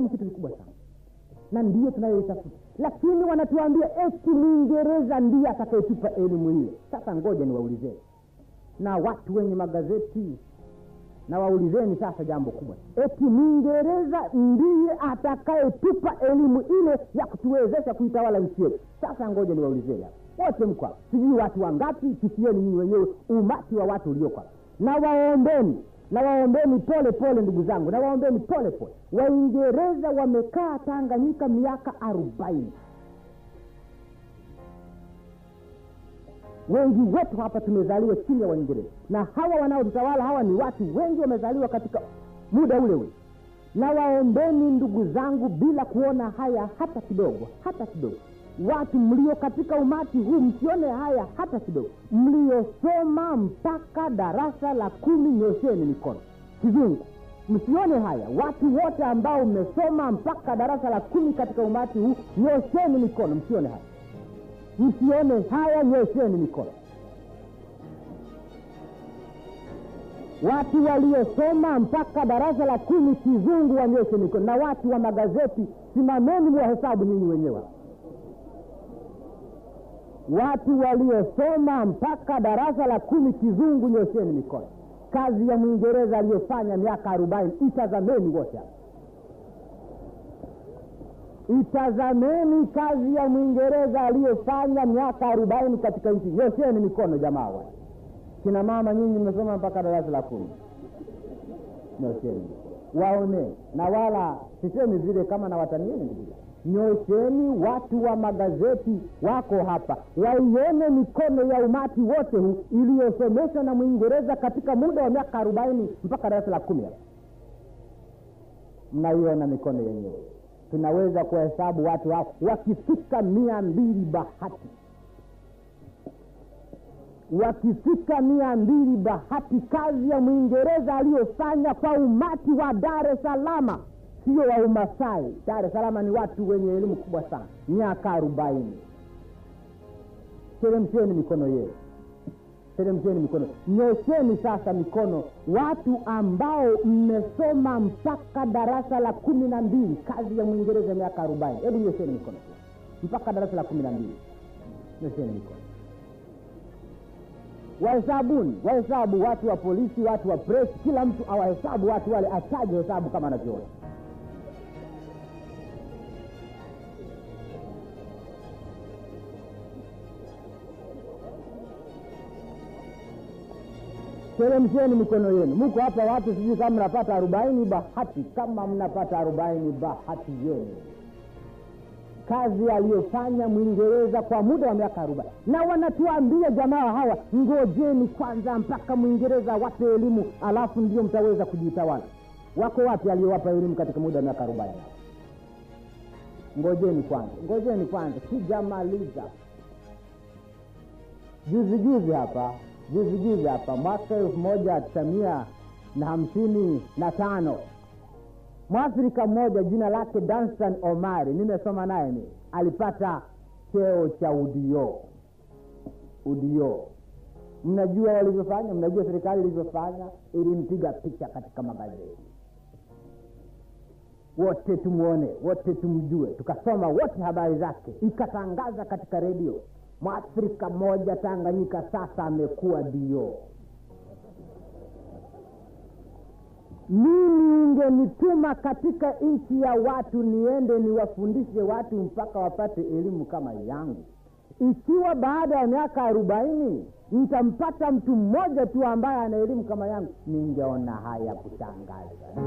ni kitu kikubwa sana na ndiyo tunayoitafuta lakini wanatuambia eti mwingereza ndiye atakayetupa elimu hiyo sasa ngoja niwaulizeni na watu wenye magazeti na waulizeni sasa jambo kubwa eti mwingereza ndiye atakayetupa elimu ile ya kutuwezesha kuitawala nchi yetu sasa ngoja niwaulizeni hapa wote mko sijui watu wangapi kisieni nyinyi wenyewe umati wa watu ulioko na waombeni na waombeni pole pole, ndugu zangu, na waombeni pole pole. Waingereza wamekaa Tanganyika miaka arobaini. Wengi wetu hapa tumezaliwa chini ya Waingereza, na hawa wanaotawala hawa ni watu wengi wamezaliwa katika muda ule ule. Na waombeni ndugu zangu, bila kuona haya hata kidogo, hata kidogo watu mlio katika umati huu msione haya hata kidogo, mliosoma mpaka darasa la kumi, nyosheni mikono. Kizungu, msione haya. Watu wote ambao mmesoma mpaka darasa la kumi katika umati huu, nyosheni mikono. Msione haya, msione haya, nyosheni mikono. Watu waliosoma mpaka darasa la kumi kizungu, wanyoshe mikono. Na watu wa magazeti, simameni mwa hesabu nyinyi wenyewe. Watu waliosoma mpaka darasa la kumi kizungu, nyosheni mikono. Kazi ya Mwingereza aliyofanya miaka arobaini, itazameni wote hapa, itazameni kazi ya Mwingereza aliyofanya miaka arobaini katika nchi. Nyosheni mikono jamaa, wa kina mama nyinyi mmesoma mpaka darasa la kumi, nyosheni waone, na wala sisemi vile kama na watanieni Nyosheni watu wa magazeti wako hapa, waione mikono ya umati wote huu iliyosomeshwa na Mwingereza katika muda wa miaka arobaini mpaka darasa la kumi. Mnaiona mikono yenyewe, tunaweza kuwahesabu watu hao wakifika mia mbili bahati wakifika mia mbili bahati, kazi ya Mwingereza aliyofanya kwa umati wa Dar es sio wa Umasai. Dar es salama ni watu wenye elimu kubwa sana, miaka arobaini. Teremsheni mikono yeye teremsheni mikono, nyosheni sasa mikono watu ambao mmesoma mpaka darasa la kumi na mbili, kazi ya Mwingereza miaka arobaini. Hebu nyosheni mikono mpaka darasa la kumi na mbili, nyosheni mikono wahesabuni, wahesabu watu wa polisi, watu wa presi kila mtu awahesabu watu wale, ataje hesabu kama anavyoona teremsheni mikono yenu. Mko hapa watu, sijui kama mnapata arobaini, bahati kama mnapata arobaini, bahati yenu. Kazi aliyofanya Mwingereza kwa muda wa miaka arobaini, na wanatuambia jamaa hawa, ngojeni kwanza mpaka Mwingereza wape elimu, alafu ndio mtaweza kujitawala. Wako wapi aliyowapa elimu katika muda wa miaka arobaini? Ngojeni kwanza, ngojeni kwanza, sijamaliza. Juzi juzi hapa vizigiza hapa mwaka elfu moja tisamia na hamsini na tano mwafrika mmoja jina lake Dansan Omari, nimesoma naye ni alipata cheo cha udio udio. Mnajua walivyofanya, mnajua serikali ilivyofanya, ilimpiga picha katika magazeti. Wote tumwone, wote tumjue, tukasoma wote habari zake, ikatangaza katika redio mwafrika moja Tanganyika sasa amekuwa dio. Mimi ungenituma katika nchi ya watu niende niwafundishe watu mpaka wapate elimu kama yangu, ikiwa baada ya miaka arobaini nitampata mtu mmoja tu ambaye ana elimu kama yangu, ningeona haya kutangaza